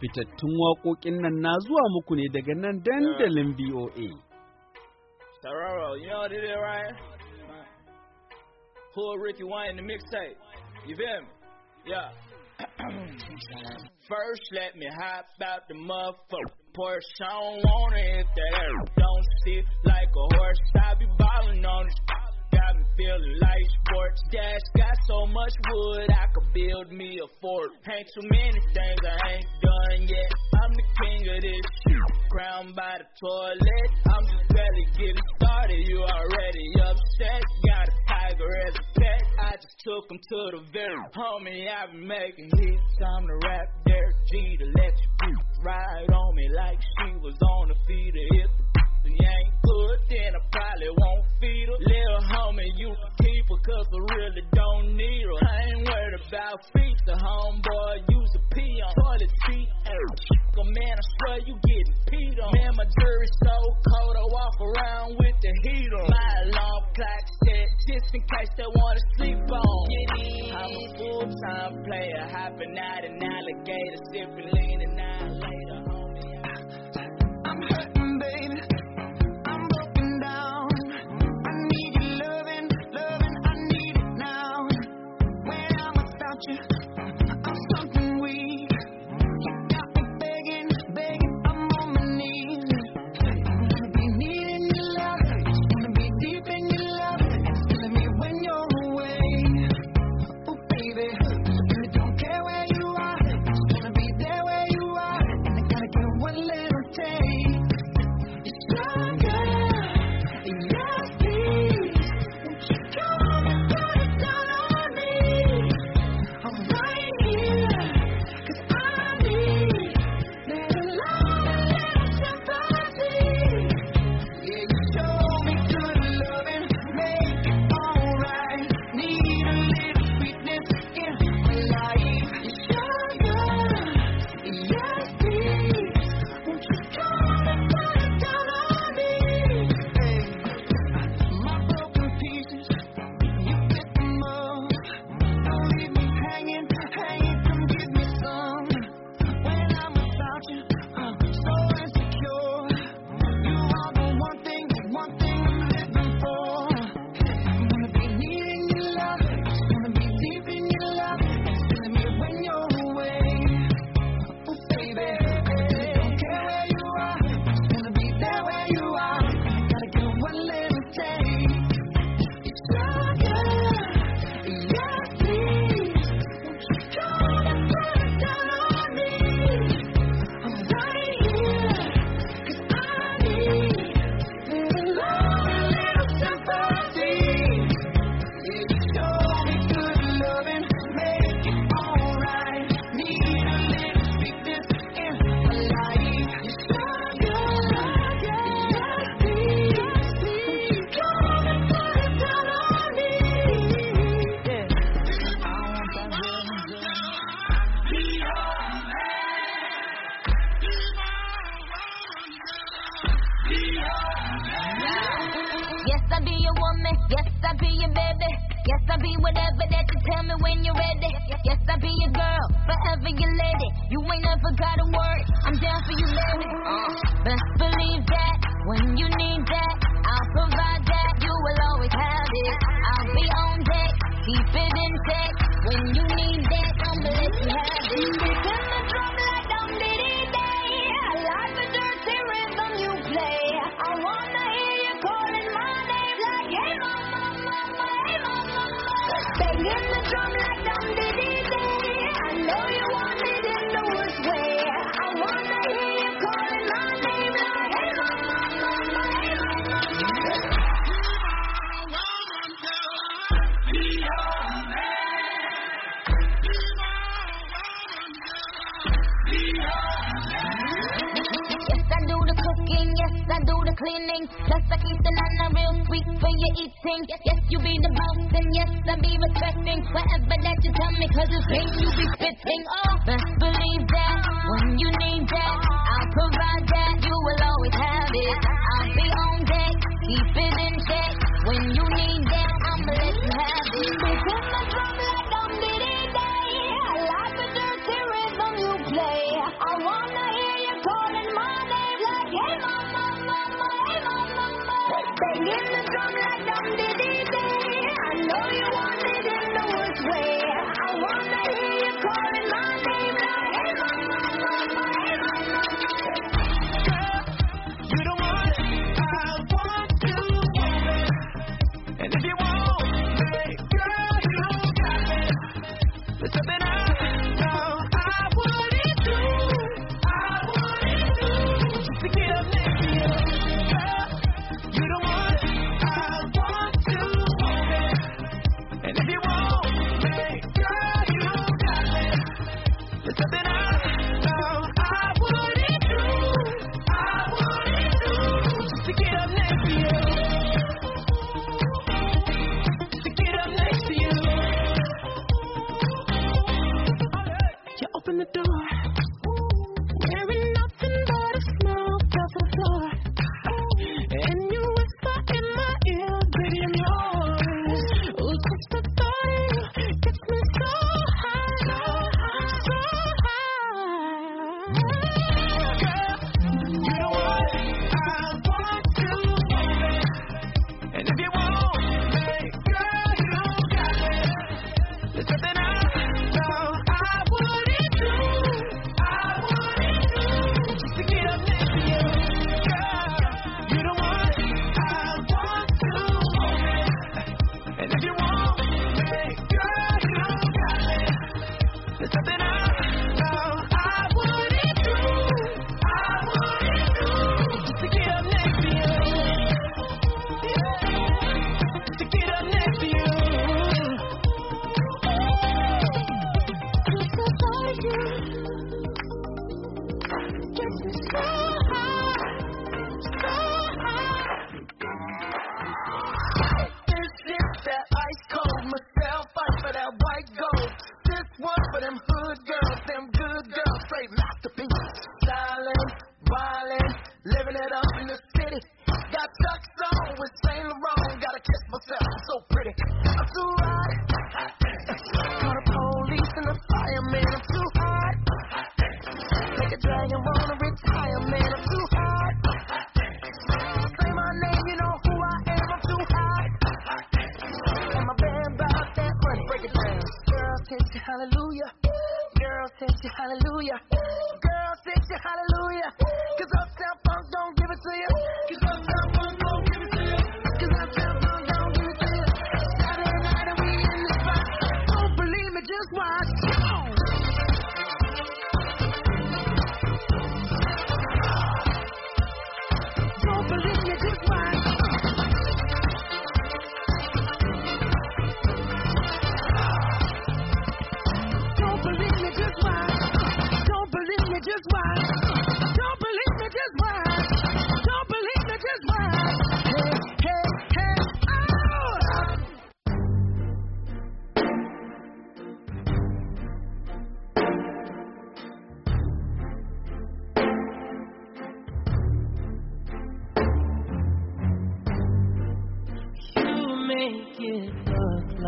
Fitattun waƙoƙin nan na zuwa muku ne daga nan dandalin BOA. Tararo, you know what it is, right? Pull Ricky Wine in the mixtape. You feel me? Yeah. First, let me hop out the motherfucker. Porsche, I don't want it if that don't sit like a horse. I be ballin' on this feel like sports. got so much wood, I could build me a fort. Ain't too many things I ain't done yet. I'm the king of this shit. Crowned by the toilet. I'm just barely getting started. You already upset. Got a tiger as a pet. I just took him to the very homie. I've been making hits. I'm the rap Derek G to let you ride on me like she was on the feet of hip pussy ain't good, then I probably won't feed her. Little homie, you can keep her, cause I really don't need her. I ain't worried about feet, the homeboy use a pee on toilet seat. Hey, man, I swear you getting peed on. Man, my jury's so cold, I walk around with the heat on. My alarm clock set just in case they wanna sleep on. I'm a full-time player, hopping out an alligator, sipping lean and I cooking. Yes, I do the cleaning. Plus, I keep the nana real sweet for your eating. Yes, yes, you be the boss, and yes, I be respecting whatever that you tell me, cause it's me you be spitting. Oh, best believe that when you need that, I'll provide that. You will always have it. I'll be on deck, keep it in check when you need that. In the drum like dum dee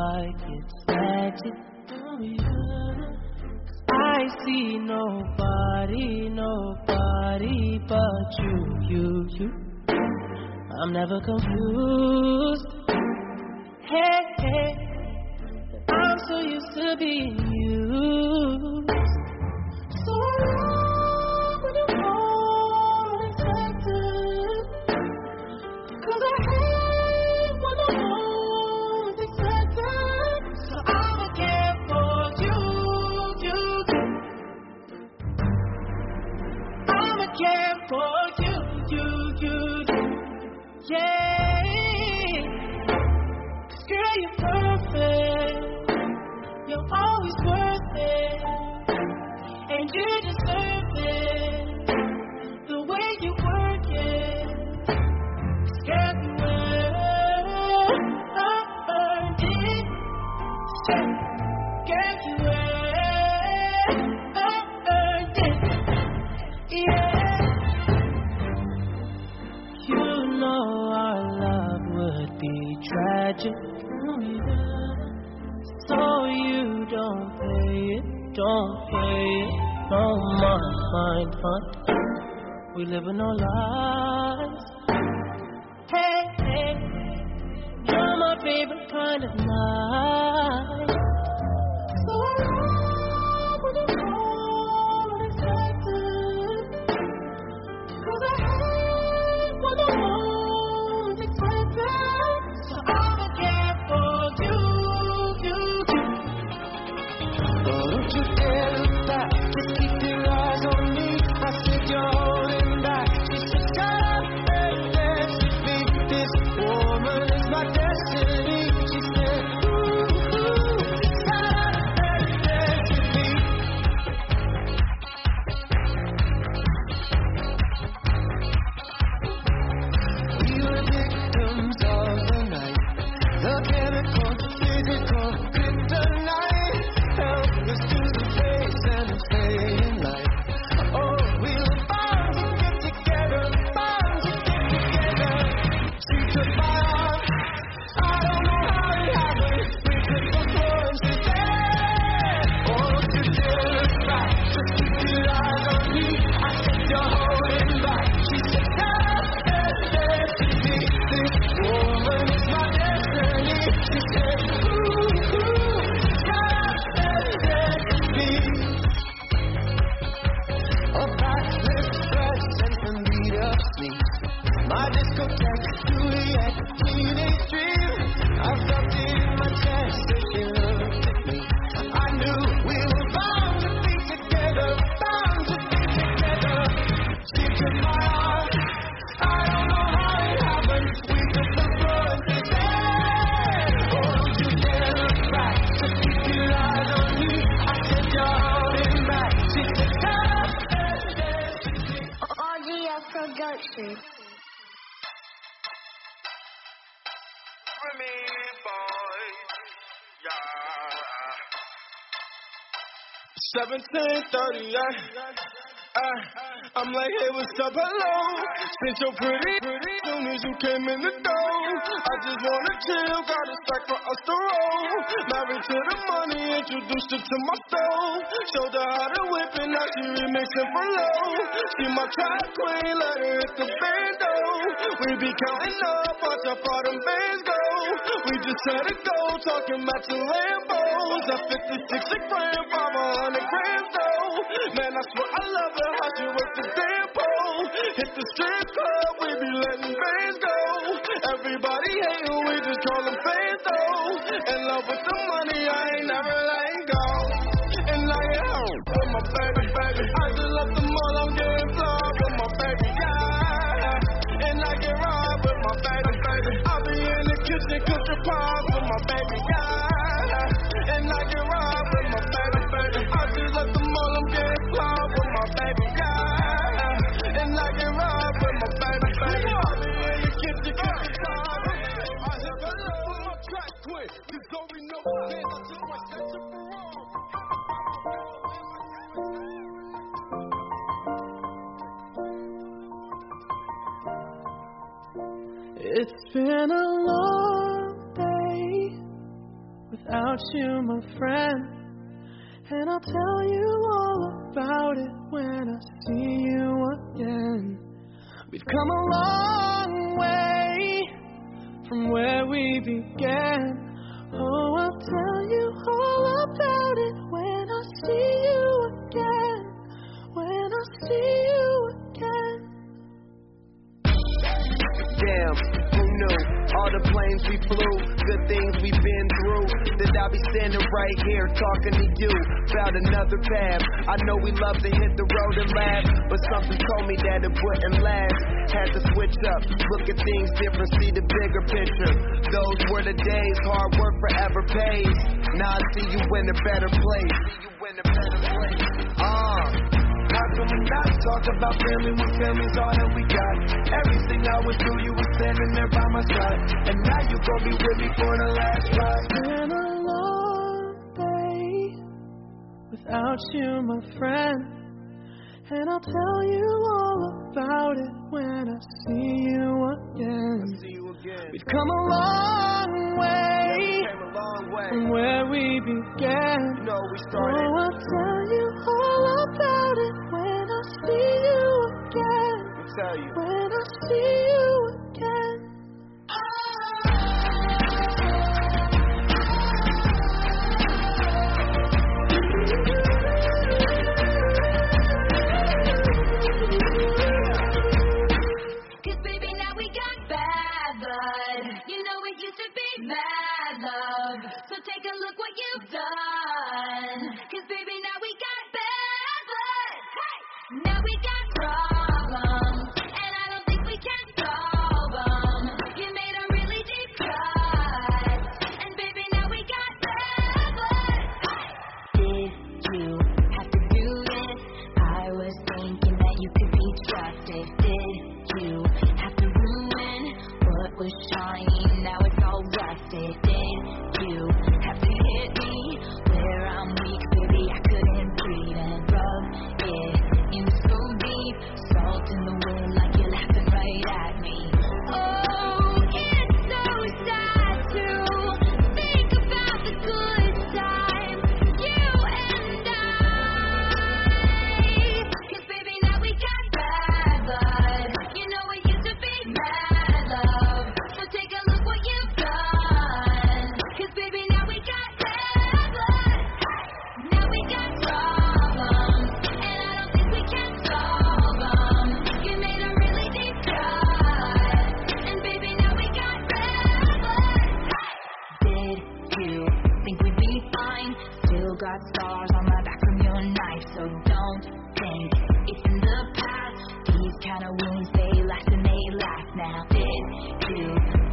like it's magic. I see nobody, nobody but you, you, you. I'm never confused. Hey, hey, I'm so used to being you. We live living our lives. Hey, hey, you're my favorite kind of night. So I Richard. Me, boy. Yeah. Seventeen thirty, uh, I'm like, hey, what's up, hello? Since you're pretty, pretty, soon as you came in the door, I just wanna chill, got a stack for us to roll. Married to the money, introduced her to my soul. Showed her how to whip and now she remixing for low. She my top queen, let her hit the bando. We be counting up, watch our bottom bands go. We just had it go, talking about your Lambos. a 56 a gram, 500 grams though. Man, I swear I love her you at the temple. Hit the strip club, we be letting fans go. Everybody hating, we just call them fans though. In love with the money, I ain't never letting go. And I ain't home with my baby, baby. I just love the mall, I'm getting flawed with my baby, yeah. And I get robbed with my baby, baby. I be in the kitchen, cook cooking pie. It's been a long day without you, my friend. And I'll tell you all about it when I see you again. We've come a long way from where we began. damn, who knew? All the planes we flew, good things we've been through. That I'll be standing right here talking to you about another path. I know we love to hit the road and laugh, but something told me that it wouldn't last. Had to switch up, look at things different, see the bigger picture. Those were the days, hard work forever pays. Now I see you in a better place. See you in a better place. Ah. Uh laughing, we not talk about family when family's all that we got. Everything I would do, you were standing there by my side. And now you gonna be with me for the last ride. It's been a long day without you, my friend. And I'll tell you all about it when I see you again. See you again. We've come a long way yeah, long way. from where we began. You know, we started. Oh, I'll tell you all about it see you again. Tell you. When I see you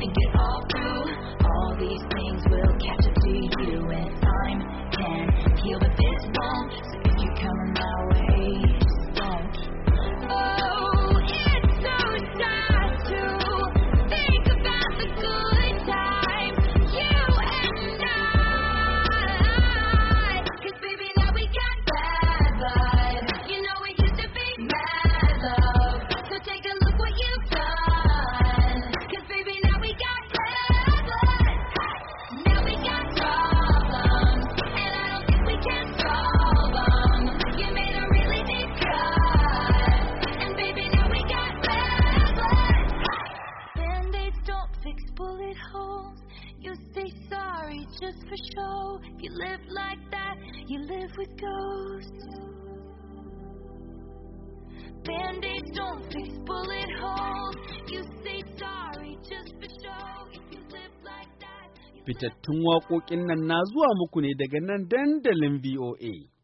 and get off. fitattun waƙoƙin nan na zuwa muku ne daga nan dandalin VOA.